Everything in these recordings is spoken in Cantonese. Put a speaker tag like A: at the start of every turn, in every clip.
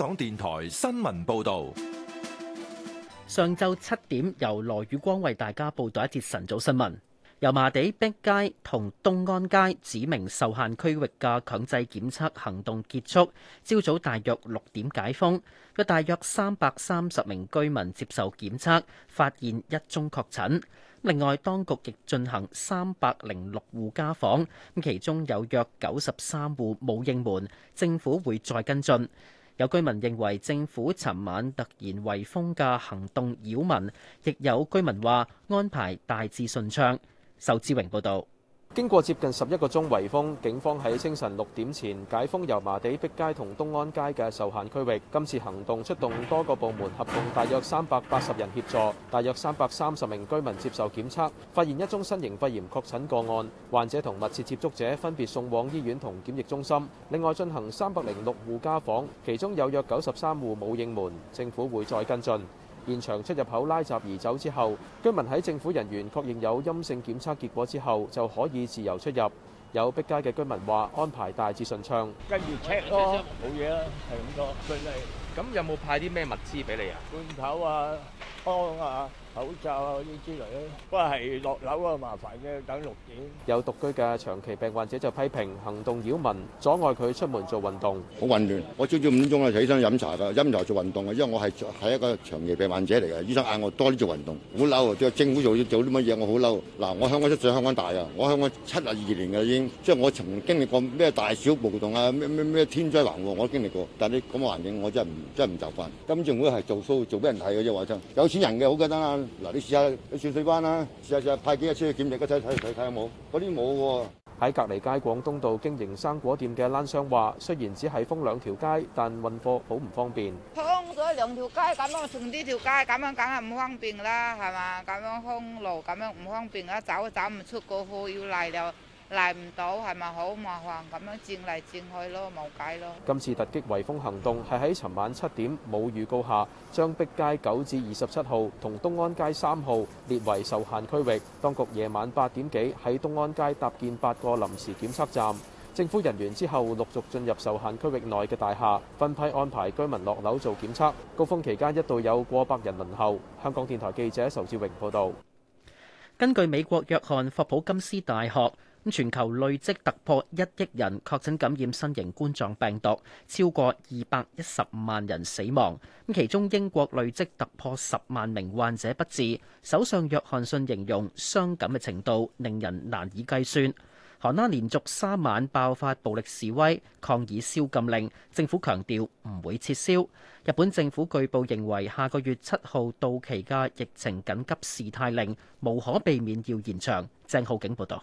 A: 香港
B: 電台新聞報道，上晝七點由羅宇光為大家報道一節晨早新聞。油麻地碧街同東安街指明受限區域嘅強制檢測行動結束，朝早大約六點解封，有大約三百三十名居民接受檢測，發現一宗確診。另外，當局亦進行三百零六戶家訪，咁其中有約九十三戶冇應門，政府會再跟進。有居民認為政府尋晚突然圍封嘅行動擾民，亦有居民話安排大致順暢。仇志榮報道。經過接近十一個鐘圍
C: 封，警方喺清晨六點前解封油麻地碧街同東安街嘅受限區域。今次行動出動多個部門，合共大約三百八十人協助，大約三百三十名居民接受檢測，發現一宗新型肺炎確診個案，患者同密切接觸者分別送往醫院同檢疫中心。另外進行三百零六戶家訪，其中有約九十三戶冇應門，政府會再跟進。現場出入口拉閘移走之後，居民喺政府人員確認有陰性檢測結果之後，就可以自由出入。有逼街嘅居民話：安排大致順暢，跟住 check 咯，冇嘢啦，係咁多。咁有冇派啲咩物資俾你啊？罐頭啊，湯啊。口罩啊，呢啲之類咧，不過係落樓啊，麻煩嘅等六點。有獨居嘅長期病患者就批評行動擾民，阻礙佢出門做運動。
D: 好混亂！我朝朝五點鐘啊，起身飲茶噶，飲茶做運動啊，因為我係係一個長期病患者嚟嘅，醫生嗌我多啲做運動。好嬲啊！即係政府做要做啲乜嘢，我好嬲。嗱，我香港出世，香港大啊，我香港七啊二年嘅已經，即係我曾經歷過咩大小暴動啊，咩咩咩天災橫禍我都經歷過。但係呢咁嘅環境，我真係唔真係唔習慣。今次我係做 show 做俾人睇嘅啫，話真。有錢人嘅好簡單啊。嗱，你試下去
C: 小水灣啦，試下試下派幾架車去檢疫，一陣睇睇睇有冇？嗰啲冇喎。喺隔離街廣東道經營生果店嘅欄商話，雖然只係封兩條街，但運貨好唔方便。
A: 通咗兩條街，咁樣送呢條街，咁樣梗係唔方便啦，係嘛？咁樣封路，咁樣唔方便啊！走走唔出個貨，要嚟了。嚟唔到，係咪好麻煩咁樣轉嚟轉去咯，冇計咯。
C: 今次突擊圍封行動係喺尋晚七點冇預告下，將碧街九至二十七號同東安街三號列為受限區域。當局夜晚八點幾喺東安街搭建八個臨時檢測站，政府人員之後陸續進入受限區域內嘅大廈，分批安排居民落樓做檢測。高峰期間一度有過百人輪候。香港電台記者仇志榮報導。
B: 根據美國約翰霍普金斯大學，全球累積突破一億人確診感染新型冠狀病毒，超過二百一十萬人死亡。其中英國累積突破十萬名患者不治。首相約翰遜形容傷感嘅程度令人難以計算。荷蘭連續三晚爆發暴力示威，抗議宵禁令，政府強調唔會撤銷。日本政府據報認為下個月七號到期嘅疫情緊急事態令無可避免要延長。鄭浩景報導。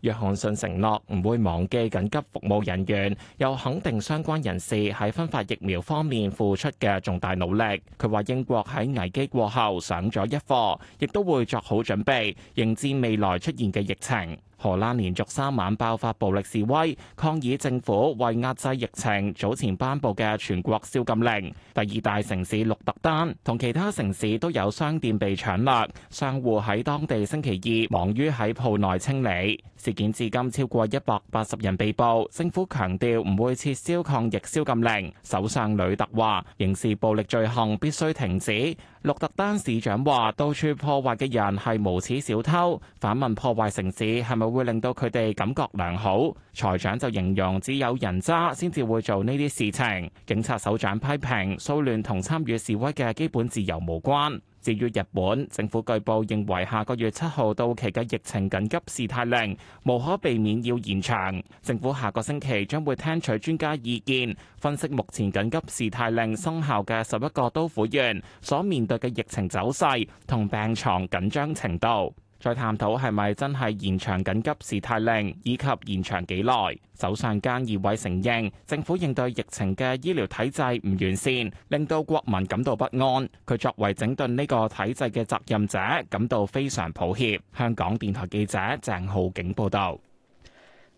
D: 約翰遜承諾唔會忘記緊急服務人員，又肯定相關人士喺分發疫苗方面付出嘅重大努力。佢話英國喺危機過後上咗一課，亦都會作好準備，迎戰未來出現嘅疫情。荷蘭連續三晚爆發暴力示威，抗議政府為壓制疫情早前頒布嘅全國宵禁令。第二大城市鹿特丹同其他城市都有商店被搶掠，商戶喺當地星期二忙於喺鋪內清理。事件至今超過一百八十人被捕，政府強調唔會撤銷抗疫宵禁令。首相呂特話，刑事暴力罪行必須停止。鹿特丹市長話，到處破壞嘅人係無恥小偷，反問破壞城市係咪？會令到佢哋感覺良好。財長就形容，只有人渣先至會做呢啲事情。警察首長批評，騷亂同參與示威嘅基本自由無關。至於日本，政府據報認為下個月七號到期嘅疫情緊急事態令無可避免要延長。政府下個星期將會聽取專家意見，分析目前緊急事態令生效嘅十一個都府縣所面對嘅疫情走勢同病床緊張程度。再探討係咪真係延長緊急事態令，以及延長幾耐。首相菅義偉承認，政府應對疫情嘅醫療體制唔完善，令到國民感到不安。佢作為整頓呢個體制嘅責任者，感到非常抱歉。
B: 香港電台記者鄭浩景報道。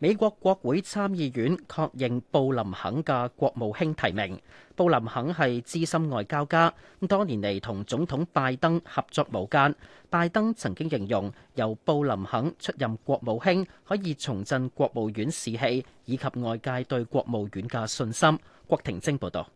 B: 美國國會參議院確認布林肯嘅國務卿提名。布林肯係資深外交家，多年嚟同總統拜登合作無間。拜登曾經形容，由布林肯出任國務卿可以重振國務院士氣，以及外界對國務院嘅信心。郭婷晶報導。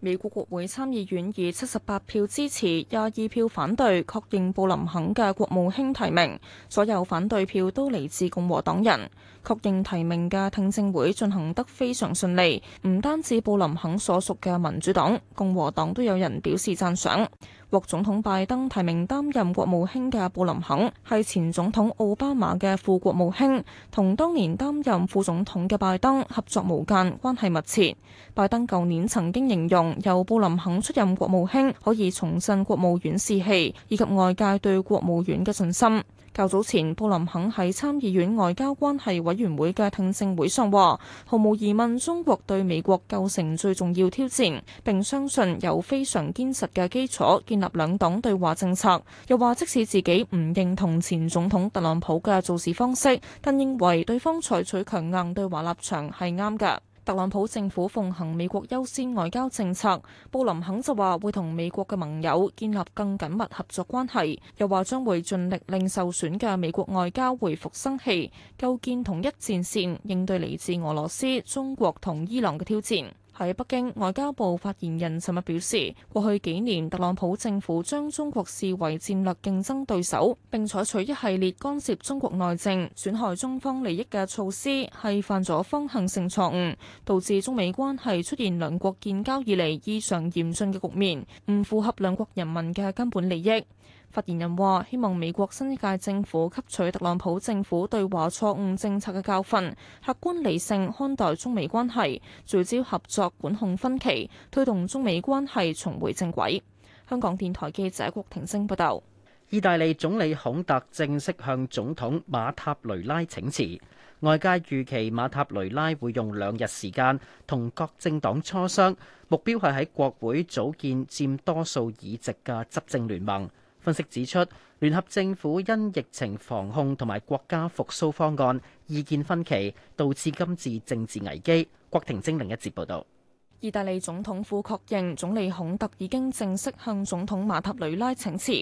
A: 美國國會參議院以七十八票支持、廿二票反對，確認布林肯嘅國務卿提名。所有反對票都嚟自共和黨人。確認提名嘅聽證會進行得非常順利，唔單止布林肯所屬嘅民主黨，共和黨都有人表示讚賞。獲總統拜登提名擔任國務卿嘅布林肯，係前總統奧巴馬嘅副國務卿，同當年擔任副總統嘅拜登合作無間，關係密切。拜登舊年曾經形容，由布林肯出任國務卿，可以重振國務院士氣以及外界對國務院嘅信心。較早前，布林肯喺參議院外交關係委員會嘅聽證會上話：毫無疑問，中國對美國構成最重要挑戰，並相信有非常堅實嘅基礎建立兩黨對華政策。又話即使自己唔認同前總統特朗普嘅做事方式，但認為對方採取強硬對華立場係啱㗎。特朗普政府奉行美國優先外交政策，布林肯就話會同美國嘅盟友建立更緊密合作關係，又話將會盡力令受損嘅美國外交回復生氣，構建統一戰線應對嚟自俄羅斯、中國同伊朗嘅挑戰。喺北京，外交部發言人尋日表示，過去幾年特朗普政府將中國視為戰略競爭對手，并采取一系列干涉中國內政、損害中方利益嘅措施，係犯咗方向性錯誤，導致中美關係出現兩國建交以嚟異常嚴峻嘅局面，唔符合兩國人民嘅根本利益。發言人話：希望美國新一屆政府吸取特朗普政府對華錯誤政策嘅教訓，客觀理性看待中美關係，聚焦合作，管控分歧，推動中美關係重回正軌。香港電台記者郭婷晶報道。意大利總理孔特正式
B: 向總統馬塔雷拉請辭，外界預期馬塔雷拉會用兩日時間同各政黨磋商，目標係喺國會組建佔多數議席嘅執政聯盟。分析指出，聯合政府因疫情防控同埋國家復甦方案意見分歧，導致今次政治危機。郭婷晶另一節報導，
A: 意大利總統府確認總理孔特已經正式向總統馬塔雷拉請辭。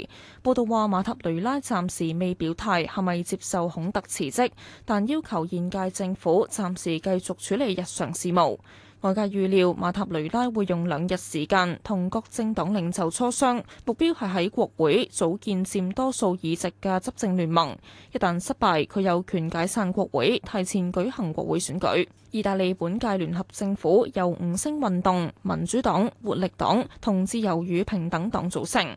A: 報道話，馬塔雷拉暫時未表態係咪接受孔特辭職，但要求現屆政府暫時繼續處理日常事務。外界預料馬塔雷拉會用兩日時間同各政黨領袖磋商，目標係喺國會組建佔多數議席嘅執政聯盟。一旦失敗，佢有權解散國會，提前舉行國會選舉。意大利本屆聯合政府由五星運動、民主黨、活力黨同自由與平等黨組成。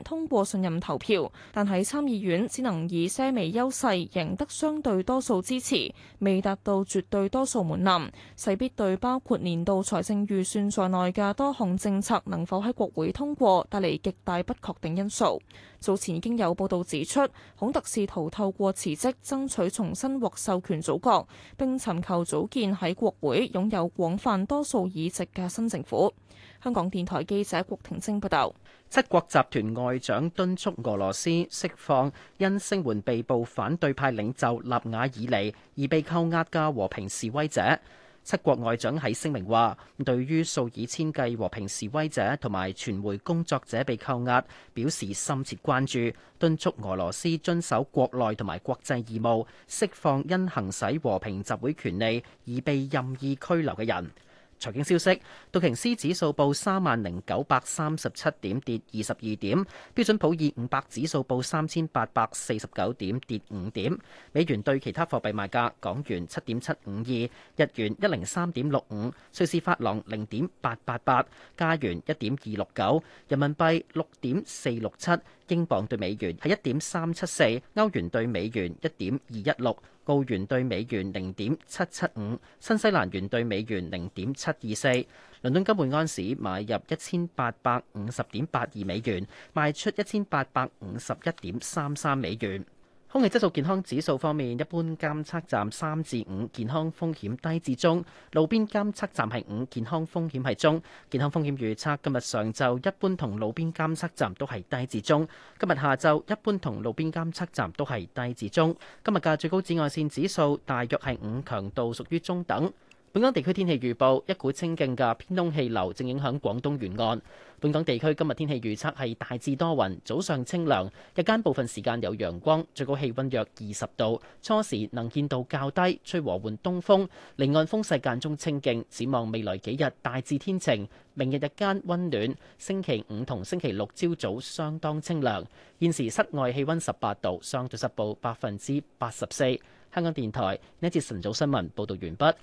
A: 通過信任投票，但喺參議院只能以些微優勢贏得相對多數支持，未達到絕對多數門檻，勢必對包括年度財政預算在內嘅多項政策能否喺國會通過帶嚟極大不確定因素。早前已經有報道指出，孔特試圖透過辭職爭取重新獲授權組閣，並尋求組建喺國會擁有廣泛多數議席嘅新政府。香港電台記者郭婷晶報道：七國集團外長敦促俄羅斯釋放因聲援被捕反
B: 對派領袖納瓦爾尼而被扣押嘅和平示威者。七國外長喺聲明話，對於數以千計和平示威者同埋傳媒工作者被扣押，表示深切關注，敦促俄羅斯遵守國內同埋國際義務，釋放因行使和平集會權利而被任意拘留嘅人。財經消息：道瓊斯指數報三萬零九百三十七點，跌二十二點；標準普爾五百指數報三千八百四十九點，跌五點。美元對其他貨幣賣價：港元七點七五二，日元一零三點六五，瑞士法郎零點八八八，加元一點二六九，人民幣六點四六七。英鎊兌美元係一點三七四，歐元兌美元一點二一六，澳元兌美元零點七七五，新西蘭元兌美元零點七二四。倫敦金每安士買入一千八百五十點八二美元，賣出一千八百五十一點三三美元。空氣質素健康指數方面，一般監測站三至五，健康風險低至中；路邊監測站係五，健康風險係中。健康風險預測，今日上晝一般同路邊監測站都係低至中，今日下晝一般同路邊監測站都係低至中。今日嘅最高紫外線指數大約係五，強度屬於中等。本港地區天氣預報：一股清勁嘅偏東氣流正影響廣東沿岸。本港地區今日天氣預測係大致多雲，早上清涼，日間部分時間有陽光，最高氣温約二十度，初時能見度較低，吹和緩東風。離岸風勢間中清勁。展望未來幾日大致天晴，明日日間温暖，星期五同星期六朝早相當清涼。現時室外氣温十八度，相對濕度百分之八十四。香港電台呢一節晨早新聞報道完畢。